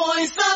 voice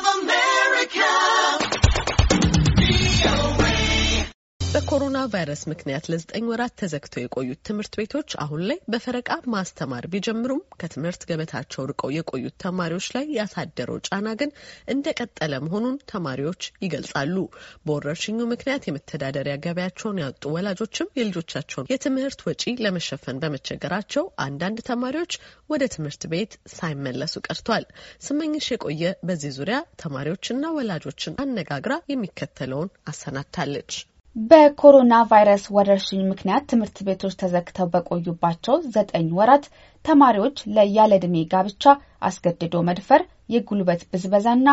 በኮሮና ቫይረስ ምክንያት ለዘጠኝ ወራት ተዘግተው የቆዩት ትምህርት ቤቶች አሁን ላይ በፈረቃ ማስተማር ቢጀምሩም ከትምህርት ገበታቸው ርቀው የቆዩት ተማሪዎች ላይ ያሳደረው ጫና ግን እንደቀጠለ መሆኑን ተማሪዎች ይገልጻሉ። በወረርሽኙ ምክንያት የመተዳደሪያ ገበያቸውን ያጡ ወላጆችም የልጆቻቸውን የትምህርት ወጪ ለመሸፈን በመቸገራቸው አንዳንድ ተማሪዎች ወደ ትምህርት ቤት ሳይመለሱ ቀርቷል። ስመኝሽ የቆየ በዚህ ዙሪያ ተማሪዎችና ወላጆችን አነጋግራ የሚከተለውን አሰናድታለች። በኮሮና ቫይረስ ወረርሽኝ ምክንያት ትምህርት ቤቶች ተዘግተው በቆዩባቸው ዘጠኝ ወራት ተማሪዎች ለያለዕድሜ ጋብቻ፣ አስገድዶ መድፈር፣ የጉልበት ብዝበዛና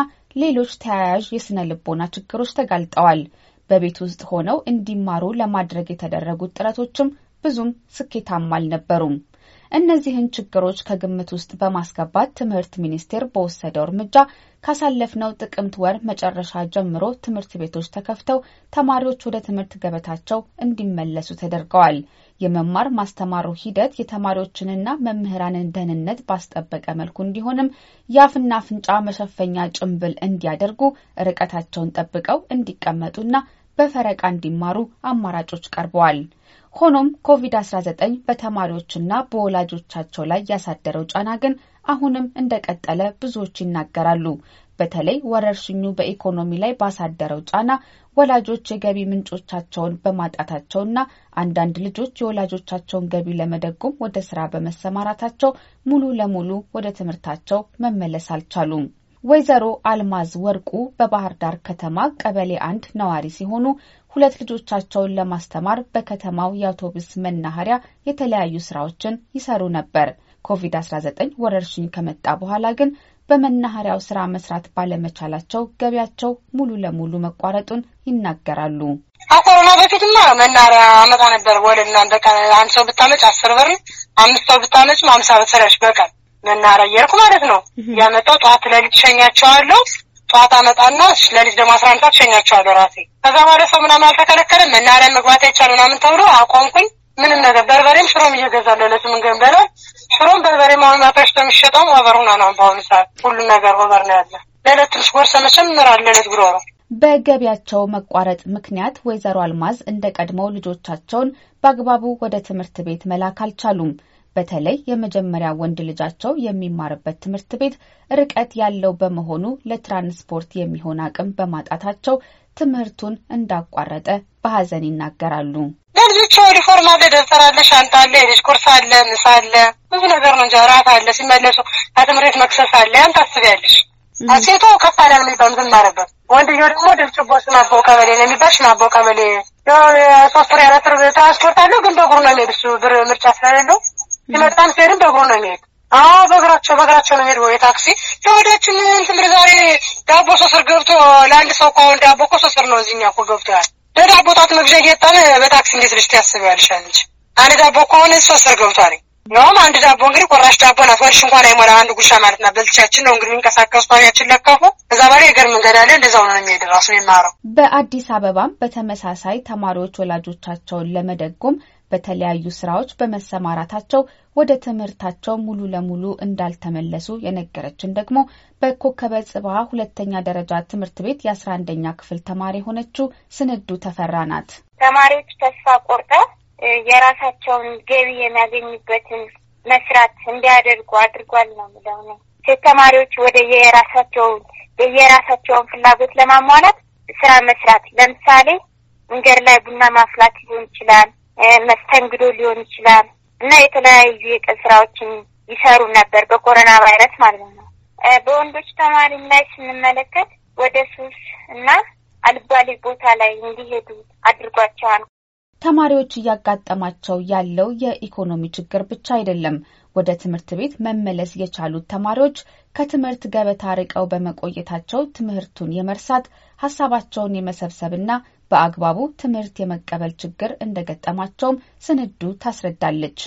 ሌሎች ተያያዥ የስነ ልቦና ችግሮች ተጋልጠዋል። በቤት ውስጥ ሆነው እንዲማሩ ለማድረግ የተደረጉት ጥረቶችም ብዙም ስኬታማ አልነበሩም። እነዚህን ችግሮች ከግምት ውስጥ በማስገባት ትምህርት ሚኒስቴር በወሰደው እርምጃ ካሳለፍነው ጥቅምት ወር መጨረሻ ጀምሮ ትምህርት ቤቶች ተከፍተው ተማሪዎች ወደ ትምህርት ገበታቸው እንዲመለሱ ተደርገዋል። የመማር ማስተማሩ ሂደት የተማሪዎችንና መምህራንን ደህንነት ባስጠበቀ መልኩ እንዲሆንም የአፍና አፍንጫ መሸፈኛ ጭንብል እንዲያደርጉ፣ ርቀታቸውን ጠብቀው እንዲቀመጡና በፈረቃ እንዲማሩ አማራጮች ቀርበዋል። ሆኖም ኮቪድ-19 በተማሪዎችና በወላጆቻቸው ላይ ያሳደረው ጫና ግን አሁንም እንደቀጠለ ብዙዎች ይናገራሉ። በተለይ ወረርሽኙ በኢኮኖሚ ላይ ባሳደረው ጫና ወላጆች የገቢ ምንጮቻቸውን በማጣታቸውና አንዳንድ ልጆች የወላጆቻቸውን ገቢ ለመደጎም ወደ ስራ በመሰማራታቸው ሙሉ ለሙሉ ወደ ትምህርታቸው መመለስ አልቻሉም። ወይዘሮ አልማዝ ወርቁ በባህር ዳር ከተማ ቀበሌ አንድ ነዋሪ ሲሆኑ ሁለት ልጆቻቸውን ለማስተማር በከተማው የአውቶቡስ መናኸሪያ የተለያዩ ስራዎችን ይሰሩ ነበር። ኮቪድ-19 ወረርሽኝ ከመጣ በኋላ ግን በመናኸሪያው ስራ መስራት ባለመቻላቸው ገቢያቸው ሙሉ ለሙሉ መቋረጡን ይናገራሉ። ከኮሮና በፊትማ መናኸሪያ አመጣ ነበር ወለድና በቃ አንድ ሰው ብታመጭ አስር ብር፣ አምስት ሰው ብታመጭ አምሳ ብር በቃ መናኸሪያ እየሄድኩ ማለት ነው ያመጣው ጠዋት ለልጅ ሸኛቸዋለሁ። ጠዋት አመጣና ለልጅ ደግሞ አስራ አንድ ሰዓት ሸኛቸዋለሁ ራሴ። ከዛ በኋላ ሰው ምናምን አልተከለከለም መናኸሪያ መግባት አይቻልም ምናምን ተብሎ አቆምኩኝ። ምንም ነገር በርበሬም ሽሮም እየገዛለሁ ለስምንት ገን በላይ ሽሮም በርበሬ ማሆን ማፈሽ በሚሸጠውም ኦቨር ሁና ነው። በአሁኑ ሰዓት ሁሉ ነገር ኦቨር ነው ያለ ለዕለት ትንሽ ጎርሰ መቸም ምራል ለዕለት ጉሮ ነው። በገቢያቸው መቋረጥ ምክንያት ወይዘሮ አልማዝ እንደ ቀድሞው ልጆቻቸውን በአግባቡ ወደ ትምህርት ቤት መላክ አልቻሉም። በተለይ የመጀመሪያ ወንድ ልጃቸው የሚማርበት ትምህርት ቤት ርቀት ያለው በመሆኑ ለትራንስፖርት የሚሆን አቅም በማጣታቸው ትምህርቱን እንዳቋረጠ በሀዘን ይናገራሉ። ለልጆች ዩኒፎርም አለ፣ ደብተር አለ፣ ሻንጣ አለ፣ የልጅ ቁርስ አለ፣ ምሳ አለ፣ ብዙ ነገር ነው። እንጃ እራት አለ፣ ሲመለሱ ከትምህርት መክሰስ አለ። ያን ታስቢያለሽ። ሴቶ ከፍ አላል የሚባል ምትማረበት ወንድየው ደግሞ ድብጭቦ ስናቦ ቀበሌ ነው የሚባል ሽናቦ ቀበሌ ሶስት ወር ያለ ትራንስፖርት አለው፣ ግን በእግሩ ነው የሚሄድ እሱ ብር ምርጫ ስለሌለው ይመጣል። ሲሄድም በእግሩ ነው የሚሄድ። አዎ በእግራቸው በእግራቸው ነው የሚሄድ። የታክሲ ተመዳችን እንትን ዛሬ ዳቦ ሶስር ገብቶ ለአንድ ሰው ከሆን ዳቦ እኮ ሶስር ነው እዚህኛ እኮ ገብቷል። ለዳቦ ጣት መግዣ እየጣለ በታክሲ እንዴት ልጅ ትያስቢያለሽ? እንጂ አንድ ዳቦ ከሆነ ሶስር ገብቷል። ነውም አንድ ዳቦ እንግዲህ ቆራሽ ዳቦ ናት። ወርሽ እንኳን አይሞላ አንድ ጉርሻ ማለት ና በልቻችን ነው እንግዲህ የሚንቀሳቀሱ ታሪያችን ለከፉ እዛ ባሪ የገር መንገድ አለ። እንደዛው ነው የሚሄድ ራሱ የማረው። በአዲስ አበባም በተመሳሳይ ተማሪዎች ወላጆቻቸውን ለመደጎም በተለያዩ ስራዎች በመሰማራታቸው ወደ ትምህርታቸው ሙሉ ለሙሉ እንዳልተመለሱ የነገረችን ደግሞ በኮከበ ጽባ ሁለተኛ ደረጃ ትምህርት ቤት የአስራ አንደኛ ክፍል ተማሪ የሆነችው ስንዱ ተፈራ ናት። ተማሪዎች ተስፋ ቆርጠው የራሳቸውን ገቢ የሚያገኙበትን መስራት እንዲያደርጉ አድርጓል ነው የምለው ነው። ሴት ተማሪዎች ወደ የራሳቸውን የየራሳቸውን ፍላጎት ለማሟላት ስራ መስራት፣ ለምሳሌ መንገድ ላይ ቡና ማፍላት ሊሆን ይችላል መስተንግዶ ሊሆን ይችላል እና የተለያዩ የቀን ስራዎችን ይሰሩ ነበር በኮሮና ቫይረስ ማለት ነው። በወንዶች ተማሪም ላይ ስንመለከት ወደ ሱስ እና አልባሌ ቦታ ላይ እንዲሄዱ አድርጓቸዋል። ተማሪዎች እያጋጠማቸው ያለው የኢኮኖሚ ችግር ብቻ አይደለም። ወደ ትምህርት ቤት መመለስ የቻሉት ተማሪዎች ከትምህርት ገበታ ርቀው በመቆየታቸው ትምህርቱን የመርሳት ሀሳባቸውን የመሰብሰብና በአግባቡ ትምህርት የመቀበል ችግር እንደገጠማቸውም ስንዱ ታስረዳለች።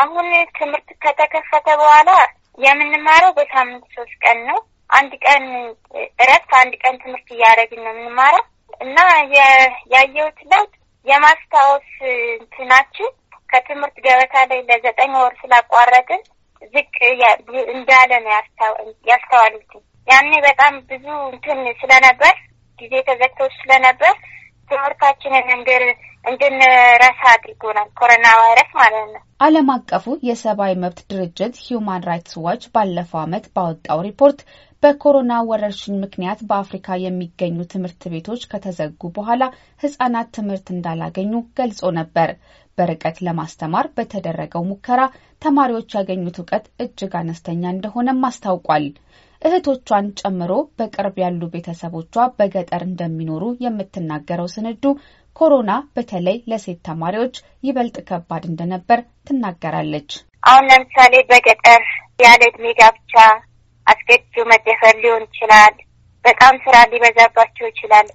አሁን ትምህርት ከተከፈተ በኋላ የምንማረው በሳምንት ሶስት ቀን ነው። አንድ ቀን እረፍት፣ አንድ ቀን ትምህርት እያደረግን ነው የምንማረው እና ያየሁት ለውጥ የማስታወስ እንትናችን ከትምህርት ገበታ ላይ ለዘጠኝ ወር ስላቋረጥን ዝቅ እንዳለ ነው ያስተዋሉት። ያኔ በጣም ብዙ እንትን ስለነበር ጊዜ ተዘግተው ስለነበር ትምህርታችንን እንድንረሳ አድርጎናል። ኮሮና ቫይረስ ማለት ነው። ዓለም አቀፉ የሰብአዊ መብት ድርጅት ሂዩማን ራይትስ ዋች ባለፈው ዓመት ባወጣው ሪፖርት በኮሮና ወረርሽኝ ምክንያት በአፍሪካ የሚገኙ ትምህርት ቤቶች ከተዘጉ በኋላ ህጻናት ትምህርት እንዳላገኙ ገልጾ ነበር። በርቀት ለማስተማር በተደረገው ሙከራ ተማሪዎች ያገኙት እውቀት እጅግ አነስተኛ እንደሆነም አስታውቋል። እህቶቿን ጨምሮ በቅርብ ያሉ ቤተሰቦቿ በገጠር እንደሚኖሩ የምትናገረው ስንዱ ኮሮና በተለይ ለሴት ተማሪዎች ይበልጥ ከባድ እንደነበር ትናገራለች። አሁን ለምሳሌ በገጠር ያለ እድሜ ጋብቻ አስገድዶ መደፈር ሊሆን ይችላል። በጣም ስራ ሊበዛባቸው ይችላል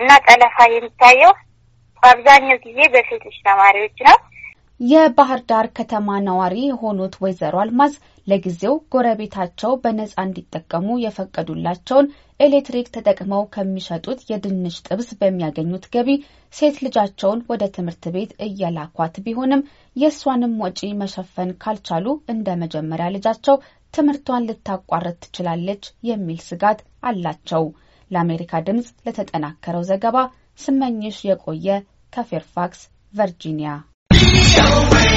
እና ጠለፋ የሚታየው በአብዛኛው ጊዜ በሴቶች ተማሪዎች ነው። የባህር ዳር ከተማ ነዋሪ የሆኑት ወይዘሮ አልማዝ ለጊዜው ጎረቤታቸው በነጻ እንዲጠቀሙ የፈቀዱላቸውን ኤሌክትሪክ ተጠቅመው ከሚሸጡት የድንች ጥብስ በሚያገኙት ገቢ ሴት ልጃቸውን ወደ ትምህርት ቤት እየላኳት ቢሆንም የእሷንም ወጪ መሸፈን ካልቻሉ እንደ መጀመሪያ ልጃቸው ትምህርቷን ልታቋርጥ ትችላለች የሚል ስጋት አላቸው። ለአሜሪካ ድምፅ ለተጠናከረው ዘገባ ስመኝሽ የቆየ ከፌርፋክስ ቨርጂኒያ Go away.